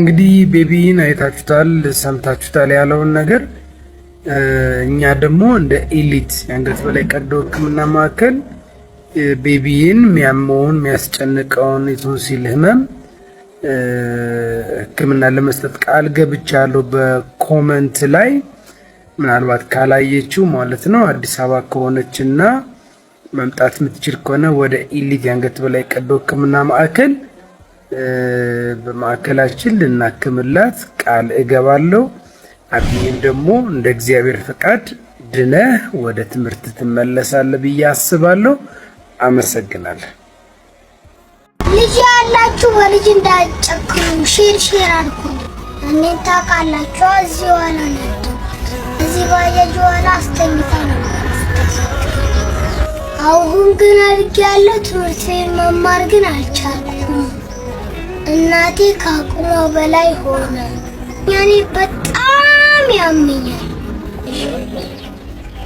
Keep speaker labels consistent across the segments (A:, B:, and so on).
A: እንግዲህ ቤቢን አይታችሁታል፣ ሰምታችሁታል ያለውን ነገር እኛ ደግሞ እንደ ኤሊት የአንገት በላይ ቀዶ ሕክምና ማዕከል ቤቢን የሚያመውን የሚያስጨንቀውን የቶንሲል ህመም ሕክምና ለመስጠት ቃል ገብቻለሁ። በኮመንት ላይ ምናልባት ካላየችው ማለት ነው አዲስ አበባ ከሆነችና መምጣት የምትችል ከሆነ ወደ ኤሊት የአንገት በላይ ቀዶ ሕክምና ማዕከል በማዕከላችን ልናክምላት ቃል እገባለሁ። አብይም ደግሞ እንደ እግዚአብሔር ፈቃድ ድነህ ወደ ትምህርት ትመለሳለህ ብዬ አስባለሁ። አመሰግናለሁ።
B: ልጅ ያላችሁ በልጅ እንዳጨክሩ ሼር ሼር አልኩ። እኔን ታውቃላችሁ። እዚህ ሆነ እዚህ ባጃጅ ሆነ አስተኝታ ነው። አሁን ግን አድጌ ያለው ትምህርት ቤት መማር ግን አልቻልኩም። እናቴ ከአቅሟ በላይ ሆነ። ያኔ በጣም ያምኛል።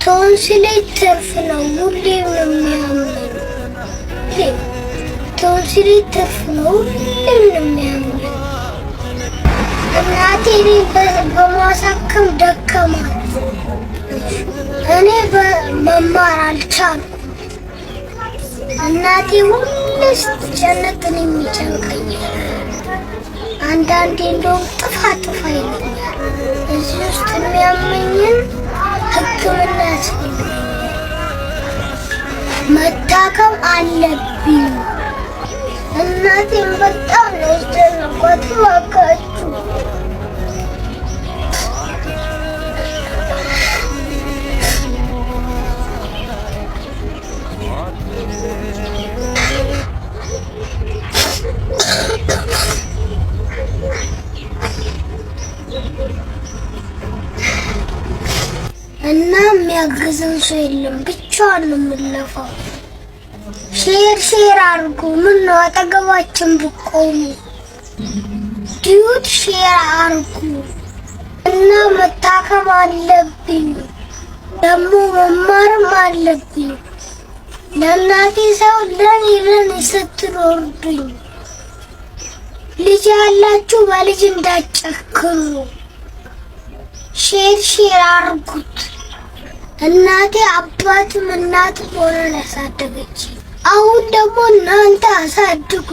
B: ቶንስሌ ትርፍ ነው ሁሌ የሚያምነኝ። ቶንስሌ ትርፍ ነው ሁሌም የሚያምኝ እናቴ በማሳከም ደከማል። እኔ በመማር አልቻል። እናቴ ሁሌ ስትጨነቅ እኔም ይጨንቀኛል። አንዳንዴ እንደውም ጥፋ ጥፋ ይለኛል። እዚህ ውስጥ የሚያመኝን ሕክምና ያስፈልገኛል። መታከም አለብኝ። እናቴም በጣም ነው ያስጨነቋት። እባካችሁ የሚያግዘን ሰው የለም። ብቻዋን ነው የምንለፋው። ሼር ሼር አድርጉ። ምን ነው አጠገባችን ብቆሙ ዲዩት ሼር አድርጉ እና መታከም አለብኝ ደግሞ መማርም አለብኝ። ለእናቴ ሰው ለኔ ለኔ ስትል ልጅ ያላችሁ በልጅ እንዳጨክሩ ሼር ሼር አድርጉት። እናቴ አባትም እናት ሆኖ ያሳደገች። አሁን ደግሞ እናንተ አሳድጉ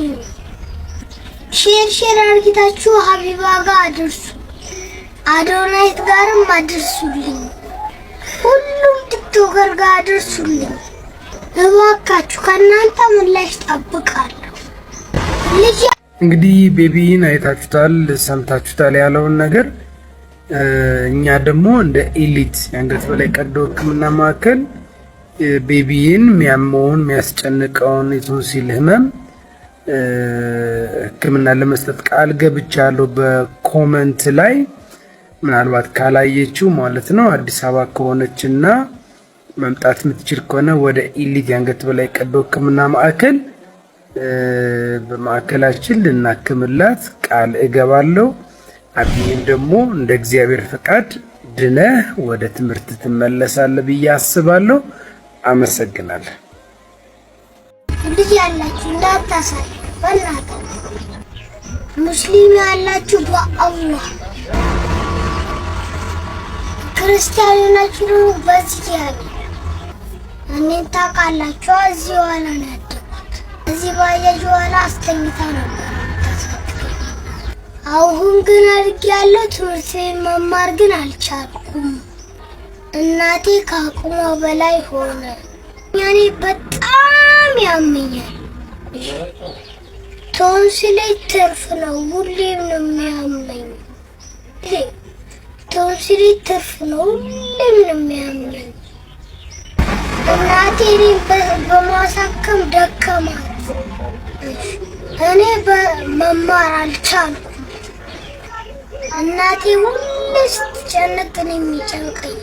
B: ሼር ሼር አርጊታችሁ ሀቢባ ጋር አድርሱ፣ አዶናይት ጋርም አድርሱልኝ፣ ሁሉም ቲክቶከር ጋር አድርሱልኝ እባካችሁ። ከእናንተ ምላሽ ጠብቃለሁ።
A: እንግዲህ ቤቢን አይታችሁታል፣ ሰምታችሁታል ያለውን ነገር እኛ ደግሞ እንደ ኤሊት የአንገት በላይ ቀዶ ሕክምና ማዕከል ቤቢን የሚያመውን የሚያስጨንቀውን የቶንሲል ህመም ሕክምና ለመስጠት ቃል ገብቻለሁ። በኮመንት ላይ ምናልባት ካላየችው ማለት ነው አዲስ አበባ ከሆነች እና መምጣት የምትችል ከሆነ ወደ ኢሊት የአንገት በላይ ቀዶ ሕክምና ማዕከል በማዕከላችን ልናክምላት ቃል እገባለሁ። አብይን ደግሞ እንደ እግዚአብሔር ፈቃድ ድነ ወደ ትምህርት ትመለሳለህ ብዬ አስባለሁ። አመሰግናለሁ።
B: ብያላችሁ እንዳታሳይ በእናትህ ሙስሊም ያላችሁ በአላህ ክርስቲያን ናችሁ ደግሞ ያለ እኔን ታውቃላችሁ። እዚህ በኋላ ነው ያደጉት። እዚህ ባየጅ በኋላ አስተኝታ ነበር አሁን ግን አድግ ያለው ትምህርት መማር ግን አልቻልኩም። እናቴ ከአቅሟ በላይ ሆነ። እኔ በጣም ያመኛል። ቶንሲሌ ትርፍ ነው፣ ሁሌም ነው የሚያመኝ። ቶንሲሌ ትርፍ ነው፣ ሁሌም ነው የሚያመኝ። እናቴ እኔን በማሳከም ደከማት። እኔ በመማር አልቻልኩም። እናቴ ሁሌ ስትጨነቅ እኔ የሚጨንቀኝ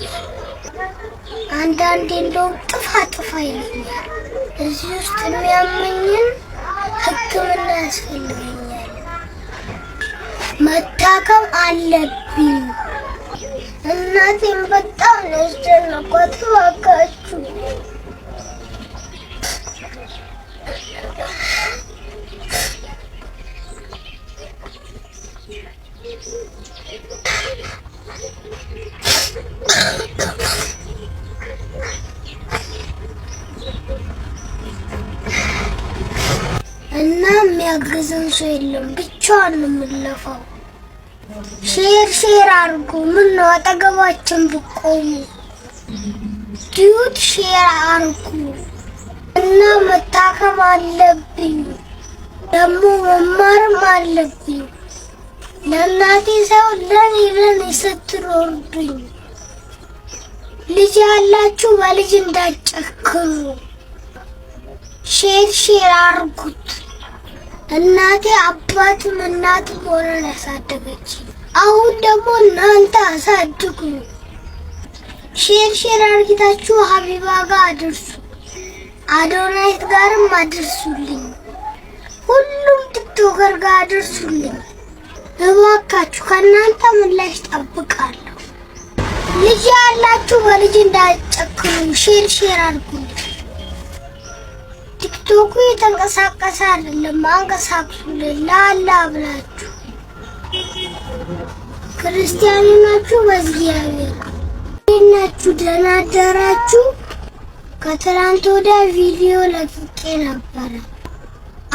B: አንዳንዴ እንደውም ጥፋ ጥፋ ይለኛል። እዚህ ውስጥ የሚያመኝን ሕክምና ያስፈልገኛል። መታከም አለብኝ። እናቴም በጣም ነው ያስጨነቋት። እባካችሁ የሚያግዝን ሰው የለም። ብቻዋን ነው የምንለፋው። ሼር ሼር አድርጉ። ምን ነው አጠገባችን ብቆሙ ዲዩት ሼር አድርጉ እና መታከም አለብኝ ደግሞ መማርም አለብኝ። ለእናቴ ሰው ለኔ ለኔ ስትኖርብኝ ልጅ ያላችሁ በልጅ እንዳጨክሩ ሼር ሼር አርጉት። እናቴ አባትም እናት ሆነን ያሳደገች። አሁን ደግሞ እናንተ አሳድጉ ሼር ሼር አርጊታችሁ ሀቢባ ጋር አድርሱ፣ አዶናይት ጋርም አድርሱልኝ፣ ሁሉም ቲክቶከር ጋር አድርሱልኝ። እባካችሁ ከእናንተ ምላሽ ጠብቃለሁ። ልጅ ያላችሁ በልጅ እንዳጨክኑ፣ ሼር ሼር አርጉ። ቲክቶኩ የተንቀሳቀሰ አይደለም። አንቀሳቅሱልን ለአላ ብላችሁ ክርስቲያኑ ናችሁ። በእግዚአብሔር ናችሁ። ደህና አደራችሁ። ከትናንት ወዲያ ቪዲዮ ለቅቄ ነበረ።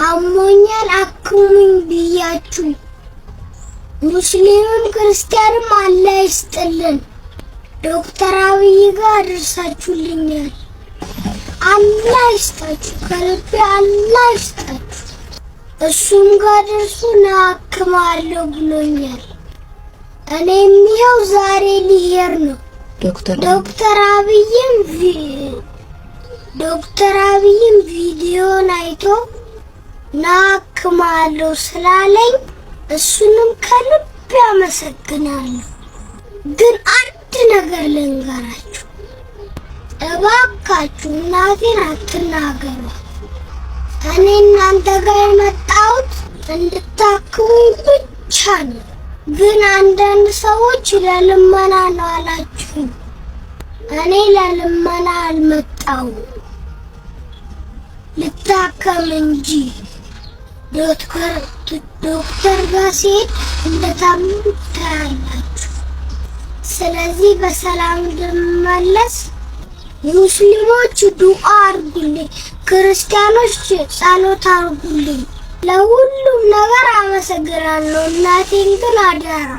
B: አሞኛል አክሙኝ ብያችሁ ሙስሊምም ክርስቲያንም አላህ ይስጥልን። ዶክተር አብይ ጋር አድርሳችሁልኛል። አላህ ይስጣችሁ፣ ከልቤ አላህ ይስጣችሁ። እሱም ጋር ደርሶ ብሎኛል። እኔም ይኸው ዛሬ ሊሄድ ነው። ዶክተር አብይም ዶክተር አብይም ቪዲዮን አይቶ ናክማለሁ ስላለኝ እሱንም ከልቤ አመሰግናለሁ። ግን አንድ ነገር እባካችሁ እናቴን አትናገሯት። እኔ እናንተ ጋር የመጣሁት እንድታክሙኝ ብቻ ነው። ግን አንዳንድ ሰዎች ለልመና ነው አላችሁ። እኔ ለልመና አልመጣው ልታከም እንጂ። ዶክተር ጋር ሲሄድ እንደታመምኩ ታያላችሁ። ስለዚህ በሰላም እንድመለስ ሙስሊሞች ዱአ አርጉልኝ፣ ክርስቲያኖች ጸሎት አርጉልኝ። ለሁሉም ነገር አመሰግናለሁ። እናቴን ግን አደራ